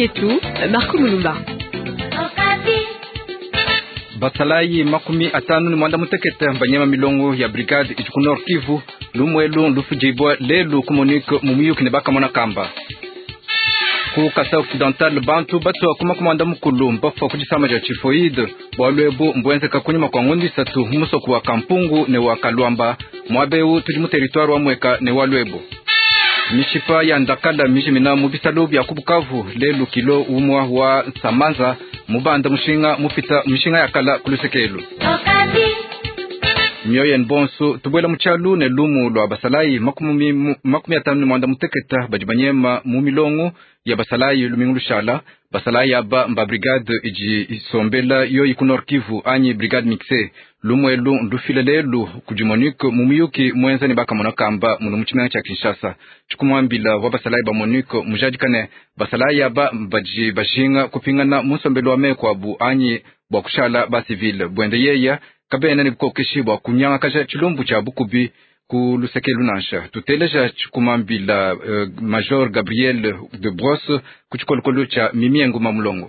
yetu Marko Mulumba. Batalai makumi atanu ni mwanda mutekete mbanyema milongo ya brigade ijuku Nord Kivu lumwelu lufujibwa lelu kumonike mumuyuki ne bakamona kamba ku kasa occidental bantu batua kuma kumwanda mukulu mbafa kudisama ja chifoide bwalwebu mbwenzeka kunyuma kwa ngundi isatu mumusoku wa kampungu ne wa kalwamba mwabewu tudi mu wa mweka ne walwebu mishipa ya ndakala miji minamo bitalo bya ku bukavu lelu kilo umwa wa samanza mubanda mushinga mupita mishinga ya kala kulusekelo myoyo embonso tubwela muchalu ne lumu lwa basalayi makumi atano mwanda muteketa badi banyema mu milongo ya basalayi lumingu lushala basalayi aba mba brigade iji isombela yoyi ku nord kivu anyi brigade mixe lumuelu ndufile lelu kudimonique mu muyuki muenzani bakamona kamba munu mucimanga cha kinshasa cikumuambila wa basalayi ba monique mujadikane basalayi aba badi bajinga kupingana munsombelo wa mekuabu anyi bua kushala basivile bwende yeya kabenani kukokeshibwa kasha chilumbu cha bukubi ku luseke lunasha tuteleja tshikumambila uh, eh, Major Gabriel de Brosse ku chikolokolo cha mimiengu mulongo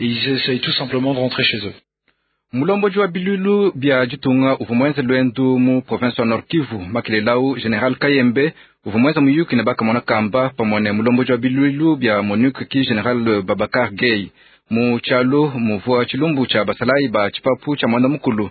ils essayent tout simplement de rentrer chez eux Mulombo bilulu bia Jitunga, uvumwenze luendu mu province wa nord kivu makilelau general kayembe uvumwenze muyuki ne bakamona kamba ne mulomboji bilulu bia monuke ki general babakar gay mu tshialu muvua Chilumbu, cha basalai ba tshipapu cha muanda mukulu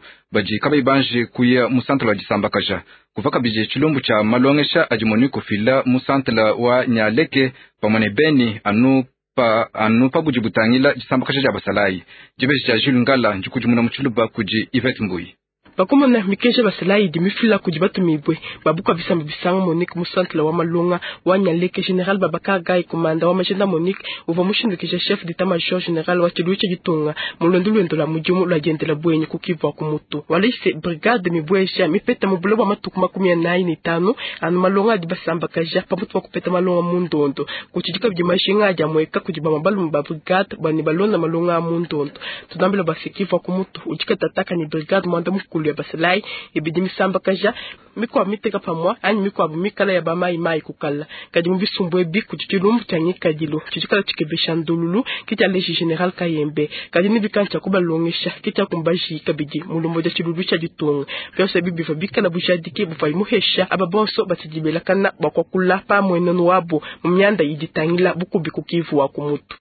kuya mu santla wa disambakaja kuvaka bije tshilumbu cha malongesha adimonuke monuc fila wa nyaleke pamwe beni anu pa anu pabudi butangila tshisambakasha dia basalayi dibeji dia julungala njikudi muna mutshiluba kudi ivete Mbuyi bakoma na mikeje baselaidi mifila kudi batumibwe babuka bisambi bisango monique musantle wa malonga wa nyaleke general babaka gai komanda wa majenda monique uva mushindikisha chef d'état-major general wa tshilui tshi ditunga mulwendu lwendo la mudimu lwadiendela buenyi kukibwa kumutu walaise brigade mibuesha mipeta mubula bua matuku makumi anayi ni tanu anu malonga adi basambakaja pamutu bua kupeta malonga mundondo kutshi dika bidi mashinga adia mueka kudi bamabalumu ba brigade bani balonda malonga a mundondo tunambila basikibwa kumutu udika tataka ni brigade muanda mukulu mikulu ya baselai ebidimisiambakaja mikua miteka pamua ani mikua bimikala ya bamayi mayi kukala kadi mubisumbu ebi kutshitshilumbu tshianyi kadilu tshitshikala tshikebesha ndululu kitya leji general kayembe kadi ni bikantsha kubalongesha kitya kumba jika bidi mulumbu dia tshilulu tshia ditunga byoso ebi biva bikala bujadike buvayi muhesha aba bonso batsidibelakana bakuakula pamuenenu wabo mu myanda yiditangila bukubi kukivuwa ku mutu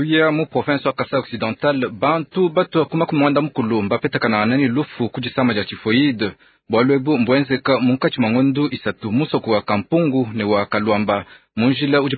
tuya mu province wa Kasai Occidental bantu batuakuma ku muanda mukulu nani lufu kudisama dia tifoide bualuebu mbuenzeka munkachi mwa isatu musoku wa kampungu ne wa kalwamba munjila udi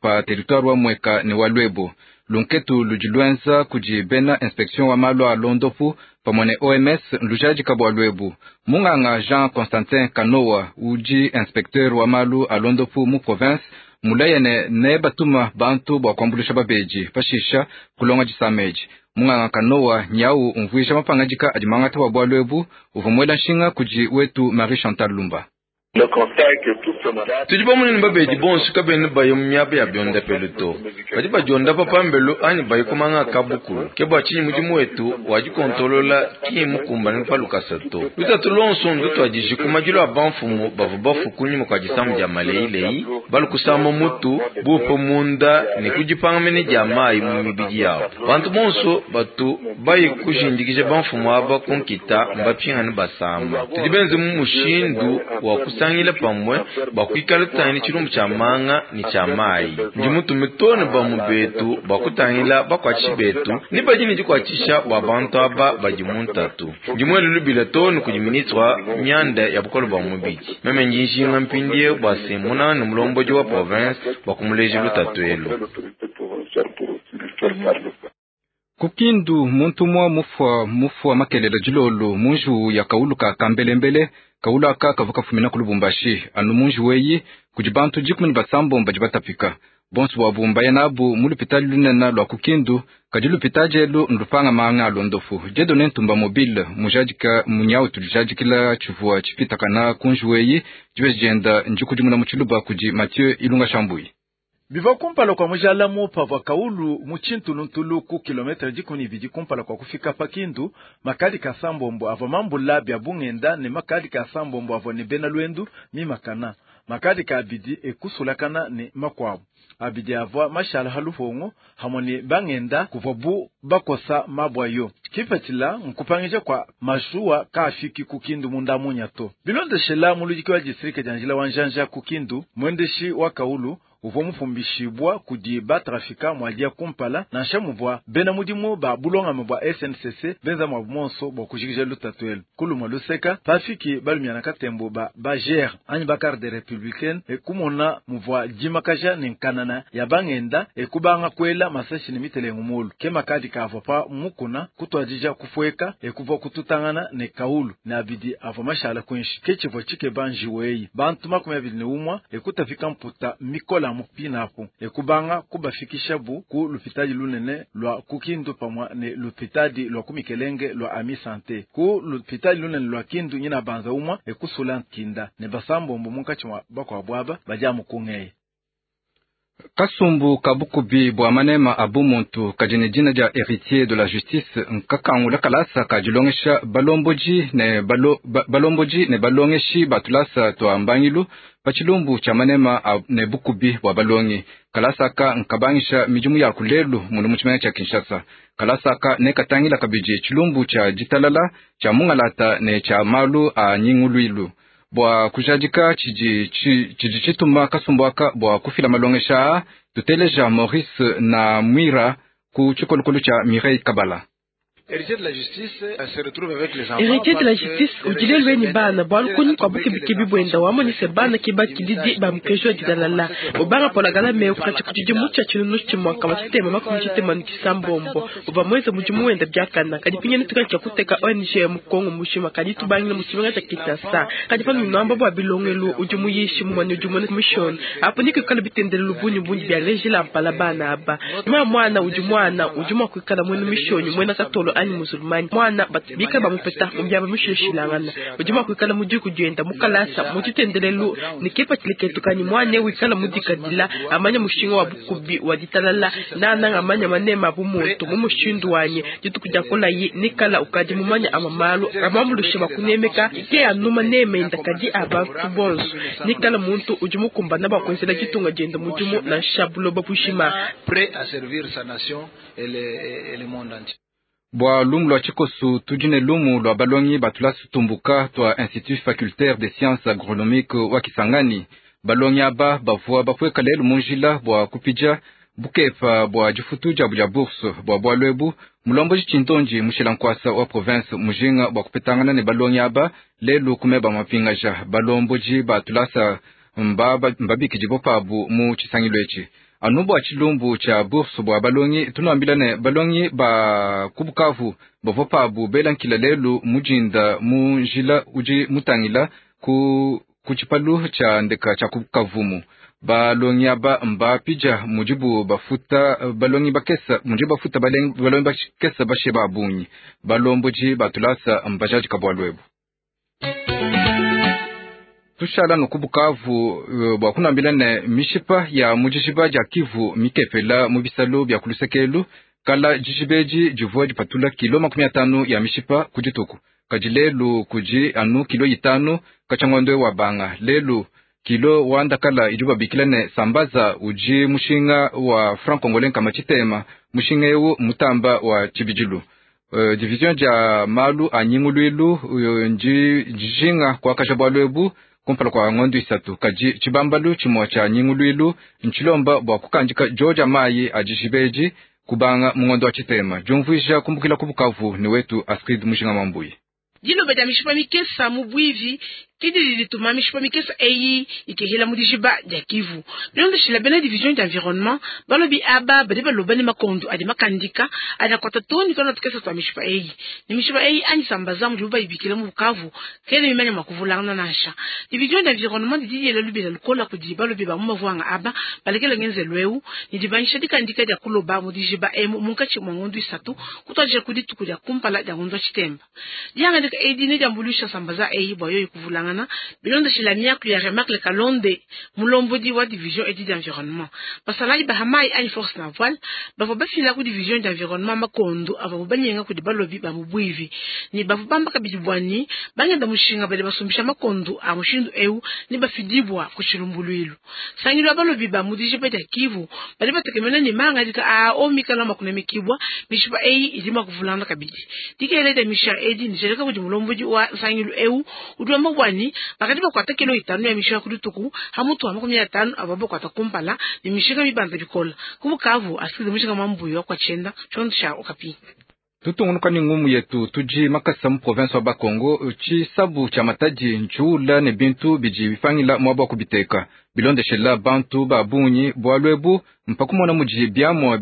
pa territoire wa mueka ne waluebu lunketu ludi luenza kudi bena inspection wa malu a londopu pamwe ne oms ludiadika bualuebu mung'ang'a jean constantin kanoa udi inspecteur wa malu a londopu mu province mulayene ne batuma bantu bwakwambulisha babeji bashisha kulonga jisameji mung'ang'a kanowa nyau umvuisha mapanga jika adimang'ata wa bwalwebu uvumwela nshinga kudi wetu Marie Chantal Lumba tudi pamwene babedi bonso kabene baye miaba ya bionda to badi badionda papambelu anyi bayikumanga kabukulu ke bua tshiimu dimu wetu wadikontrolola kimu kumbani palukasa to lutatu lonso ndu tuadijikuma dilu aba mfumu bavu kua mukuadisamu dia maleyileyi balukusamba mutu bupe munda ne kudipanga mene dia mayi mu mibidi yabo bantu bonso batu bayi kujindikija bamfumu aba kunkita mbapingani basamba tudi benze mu mushindu wakusa tusangile pamwe bakwikalutangila tshilumbu tshia manga ni tshia mayi ndimu tumitone bamu betu bakutangila bakuatshisha betu ni badini dikuatshisha bua bantu aba badi muntatu ndimuele lubile toni kudi ministra myanda ya bukolo bua mubidi meme ndinshinga mpindie bua simuna ni mulombodi wa province bakumuleji lutatuelu kukindu muntu mwa mufwa mufwa makelele dilolu munju ya kauluka kambelembele aka kavuka fumina ku lubumbashi anu munju weyi kudi bantu dikumi ni basambomba di batapika bonso buabumba nabu mu lupitali lunena lua kukindu kadi lupita dielu nlupanga maang'alu ndofu diedu ne ntumba mobile mujadika munyautu dijadikila tshivua tshipitakana kana kunju weyi dibes dienda ndikudimuna mu tshiluba kudi mathieu ilunga shambuyi bivakumpala kwa mujala mupa vua kaulu muchintulu ntuluku kilometre dikumi kumpala kwa kufika pa kindu makali ka sambombo ava mambula bia bung'enda ne makali ka sambombo ava ne bena luendu mimakana makali ka abidi ekusulakana ne makuabu abidi avua mashala haluhongo hamwe ne bang'enda kuvua bu bakosa yo kipatila nkupangija kwa mashuwa kaafiki ku kindu munda munya to bilondeshela mulujiki wa distrike dia njila wa njanja ku kindu muendeshi wa kaulu uvo mufumbishibwa kudi batrafika mwalia kumpala nansha muvua bena mudimu ba bulongame bwa SNCC benza mwa monso bwa kujikija lutatwelu kulumwa luseka pafiki balumiana katembo ba bagere anyi ba garde républicaine ekumona dimakaja ne nkanana ya bangenda ekubanga kuela masashi ne mitelengu mulu kema kadi kavo pa mukuna kutwajija kufweka ekuvwa kututangana ne kaulu ne abidi avo mashala kwinshi kechivo chike banjiweyi bantu makumi abili ne umwa ekutafika mputa mikola mulamu pinako ekubanga kubafikisha bu ku lupitadi lunene lwa kukindu pamwa ne lupitadi lwa kumikelenge lwa ami sante ku lupitadi lunene lwa kindu nyina banza umwa ekusula nkinda ne basambombo munkatshi bakwa bwaba baja mukung'eye kasumbu kabukubi bua manema abu muntu kajine dina dia héritier de la justice nkakangula kalasa kadilongesha balomboji ne balo, ba, balomboji ne balongeshi batulasa tua mbangilu pachilumbu cha manema ab, ne bukubi bua balongi kalasaka nkabangisha mijumu ya kulelu munu muchimene cha kinshasa kalasaka ne katangila kabiji chilumbu cha jitalala cha mungalata ne cha malu a nyinguluilu bwa kujadika ciji tshituma kasumbuaka bwa kufila malongesha tuteleja Maurice na Mwira ku tshikolukulu tsha Mireille Kabala. Héritier de la justice euh, se retrouve avec les enfants. Héritier de la justice ugilelwe ni bana bwalukuni kwa buke bikebi bwenda wamo ni sebana kiba kididi bamukejo agidalala obanga polagala meyo kati kutidi mucha chinunu chimwaka masitema makumi chitema nikisambombo oba mweze mujimu wenda byakana kadi pinyeni tukaja kuteka ONG mukongo mushima kadi tubangile mushimenga cha kitasa kadi panu namba bwa bilongelu ujimu yishi mumani ujimu ni mission hapo niko kala bitendele lubuni bunyi bya lejila mpala bana aba mwa mwana ujumwana ujumwa kuikala mwenu mission mwena katolo ali musulmani mwana batibika bamupeta mubyaba mushishilangana mujima kwikala muji kujenda mukalasa mujitendelelu nikepa chileketukani mwane wikala mudikadila amanya mushingo wa bukubi wa ditalala nana amanya manema bumuntu mumushindu wanye jitukuja kola yi nikala ukaji mumanya amamalu amamulushe bakunemeka ike anuma nemenda kaji abantu bonso nikala muntu ujimukumba nabakwensela jitunga jenda mujimu na shabulo bapushima prêt à servir sa nation et le, et le monde entier bwa lumu lua tshikosu tudi ne lumu lua balongi batulasi tumbuka tua institut facultaire de sciences agronomique wa kisangani balongi aba bavua bakueka lelu munjila bua kupidja bukepa bua difutu difutudia budia bourse bua bualuebu mulombodi tshintondi mushila nkuasa wa province mujinga bua kupetangana ne balongi aba lelu kumeba mapingaja balombodi batulasa mbabikidi mba bopabu mu tshisangilo etshi anubwa tshilumbu tshia bursu bwa balonyi tunoambilane balongi ba kubukavu bovo pabu belankila lelu mujinda munjila udi mutangila ku kutshipalu tshia ndeka tshia kubukavumu balongi aba mbapidia mudibu bafuta balonyi bakesa mudibu bafuta balonyi bakesa bashe babunyi balomboji batulasa mba jadi kabwa tushala nuku Bukavu eh, bwakunambilane mishipa ya mujishiba ja Kivu mikepela mubisalu bya kulusekelu kala jishibeji jivua jipatula kilo makumi atano ya mishipa kujituku kaji lelu kuji anu kilo yitanu kachangwandwe wa banga lelu kilo wanda kala ijubabikilane sambaza uji mushinga wa frankongolen kama chitema mushinga ewu mutamba wa chibijilu Uh, division ja malu anyingulwilu uh, eh, njijinga kwa kashabwalwebu kumpala kwa ng'ondo isatu kaji chibambalu tshimua tshia nying'uluilu nchilomba bwa kukanjika george mayi a jibeji kubanga mung'ondo wa chitema diumvuija kumbukila ku bukavu ni wetu askrid mujinga mambuyi dilobeda mishipa mikesa mubuivi Tidi lilitumamishwa mikesa eyi ikehela mudijiba dia Kivu liondeshela bena division dia balobi aba badi baloba ne makondo adi makandika adi akwata toni kana tukesa twa mishwa eyi ni mishwa eyi anyisambaza mudi uba ibikile mu Bukavu kele mimanya makuvulana nasha division dia didi yela lubela lukola kudi balobi ba mumavwanga aba balekela ngenze lweu ni dikandika dia kuloba mudijiba emu munkachi mwangondo isatu kutwaje kudi kumpala dia ngondo chitemba dia ngandika edine dia sambaza eyi boyo ikuvulana Banana Biondo Shilaniaku ya Remarque Kalonde Mulombodi wa Division et d'Environnement basalai bahamai ani force na voile bavo bafila Division d'Environnement makondo avavo banyenga ku dibalobi bamubwivi ni bavo bambaka bidibwani de mushinga bale makondo a mushindu ni bafidibwa ku chilumbuluilu balobi bamudije peta kivu bale batekemena ni manga dika a omikala makuna mikibwa mishipa ei idima kuvulana kabidi dikeleta misha edi nijeleka kuti mulombodi wa sangilu eu udwamba bwani mani pakati kilo itano ya misha ya kudituku hamutu wa makumi atano ababo kwatakumpala ni mishika mibanza bikola kumukavu asikize mishika mambuyo kwa chenda chondo cha okapi tutungunuka ni ngumu yetu tuji makasa mu province wa bakongo tshisabu cha mataji njula ne bintu bidi bifangila mwabo kubiteka bilondeshela bantu babunyi bwalwebu luebu mpaka kumona mudi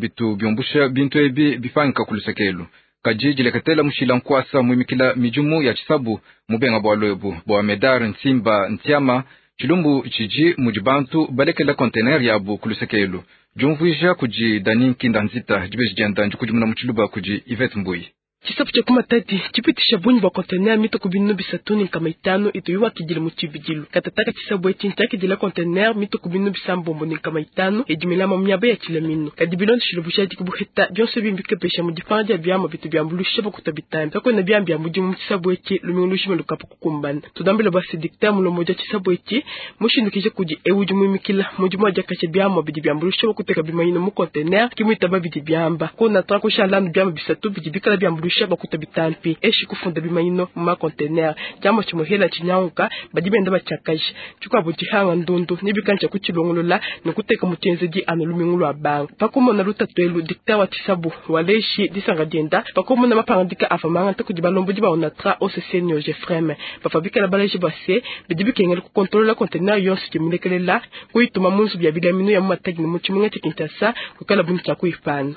bitu biombusha bintu ebi bifangika kulusekelu kajijileketela mushila nkuasa muimikila mijumu ya chisabu mubenga bwa lwebu bwa medar nsimba ntiama tshilumbu tshidi mudi bantu balekela kontener yabu kulusekelu jumvuija kudi dani nkinda nzita dibe didienda ndikudimuna mutshiluba kudi ivete mbuyi chisapu cha kuma tati chipiti sha bunyi bua kontenea mito kubinu bisatu ni nkama itano itoyiwa kijili mu chividilu katataka chisabu eti echincha kidila kontenea mito kubinu bisambombo ni nkama itano edimila mu miaba ya chila mino kadibilondu shilubushadi kibuheta byonse bimbike pesha mu difana dia biama bitu bia mbulusha kutabitani tako ina biyambi ya mudimu mu chisabu eci lumingulushi melukapa kukumbana tudambila basi dikta mulo moja chisabu eci mushindukije kudi eudi muimikila mudimu adia kasha biama bidi bia mbulusha bakuteka bimayino mu kontenea kimuitaba bidi biamba kona twakusha lanu biama bisatu bidi bikala bia bakushia bakuta bitampi eshi kufunda bimayino mu makontenera cyangwa kimuhera kinyanguka bagibenda bacakaje cyukwabo gihanga ndundu nibikanje kukilongolola nokuteka mutenzegi anoluminkulu abanga pakumona lutatwelu dikta wa tisabu waleshi disanga dienda pakumona bapangandika avamanga ntakuji balomboji baonatra osesenio jefreme bafabikala baleshi base bidibikengela kukontrola kontenera yonse kimulekelela kuituma munzu bia bilamino ya mumatagi ni mutshimungete kintasa kukala buntsha kuifana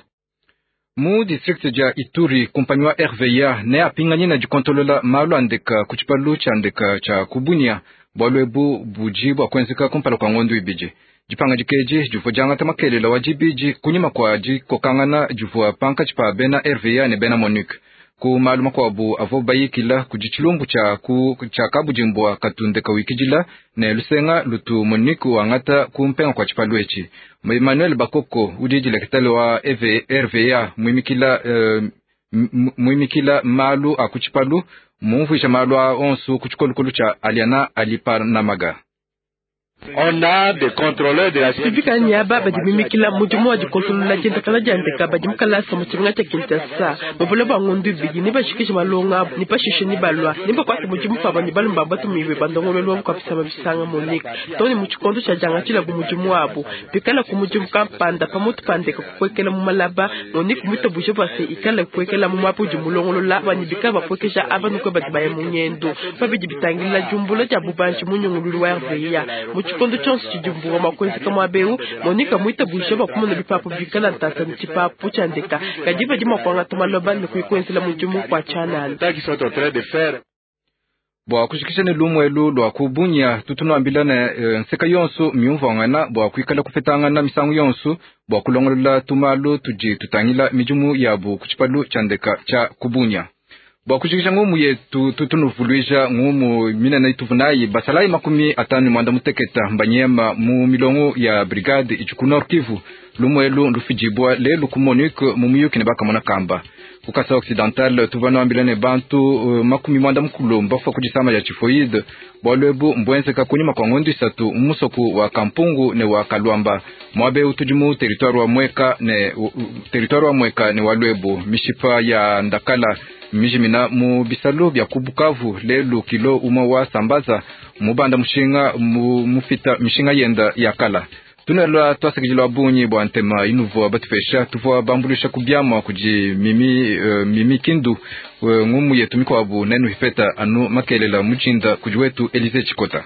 mu district dia Ituri kumpanyi wa RVA ne apinganye na jikontolola malu andeka kuchipalu cha andeka cha kubunia bwalwebu bua kuenzeka kumpala kwa ngondo ibiji jipanga jikeji juvo jangata makelela wa jibiji kunyima kwa jikokangana divua panka chipa bena RVA ne bena Monique kumaluma kwabo avo bayikila ku tshilumbu tsha kabudimbua katunde wikidila ne lusenga lutu muniku wang'ata kumpenga kwa tshipalu etshi emmanuel bakoko udidile ketale wa rva muimikila uh, eh, muimikila malu aku tshipalu mumvuisha malu a onsu ku tshikolukolu tsha aliana alipanamaga tivikanya babadimimikila muntu mwa dikosolola dientakala dianteka badimikalasa mu tshivunga tshia kinshasa muvula vangundu ibidi ni baxikixi valonga ni paxixi ni balwa ni bakwasi mudimufava ni balumba batumiwe bandongololiwa vukapisa vavisanga monika toni mu tshikondo tshia dianga tshila ku mudimu wabo bikala ku mudimu kampanda pamutupandeka kukwekela mumalaba ngoni kumitobuxe vase ikala kukwekela mumapudi mulongolola vani bikala vapuekexa ava nukue badi baya munyendo vavidi bitangilila diumbula dia bubanji munyongololi wa rveya chikondo chonse chidimbura makuenzeka mwabeu monika muitabulija bakumona bipapo bikala Kajiba jima kwa ndeka maloba ni tumaloba la mjumu kwa chanana bwa kushikishana lumwelu lwa eh, kubunya tutunuambilana e, nseka yonso miumvaong'ana bwa kuikala kupetang'ana misangu yonso bwa kulongolola tumalu tuji tutang'ila midimu yabu kuchipalu chandeka cha kubunya bwakushikisha ye muye tu, ngumu mina naituvunayi basalai makumi atanu mwanda muteketa mbanyema mu milongo ya brigade ichuku nord kivu lumuelu ndufijibwa lelu ku monique mu muyuki ne bakamona kamba kukasa occidental tuvanoambilane bantu uh, makumi mwanda mukulu mbafa kucisama ya chifoide bwaluebu mbwenzeka kunyima kwa ng'ondo isatu mmusoku wa kampungu ne wa kalwamba mwabeu tudimu territoire wa mweka ne territoire wa mweka ne walwebu mishipa ya ndakala mijimina mu bisalo bya kubukavu lelu kilo umwe wa sambaza mubanda mushinga mufita mishinga yenda kala tunalola twasikijilwa bunyi bwa ntema inuvua batupesha tuvua bambulisha kubyama kuji mimi, uh, mimi kindu uh, ng'umu yetu mikwabu nenu hifeta anu makelela muchinda kuji wetu elize chikota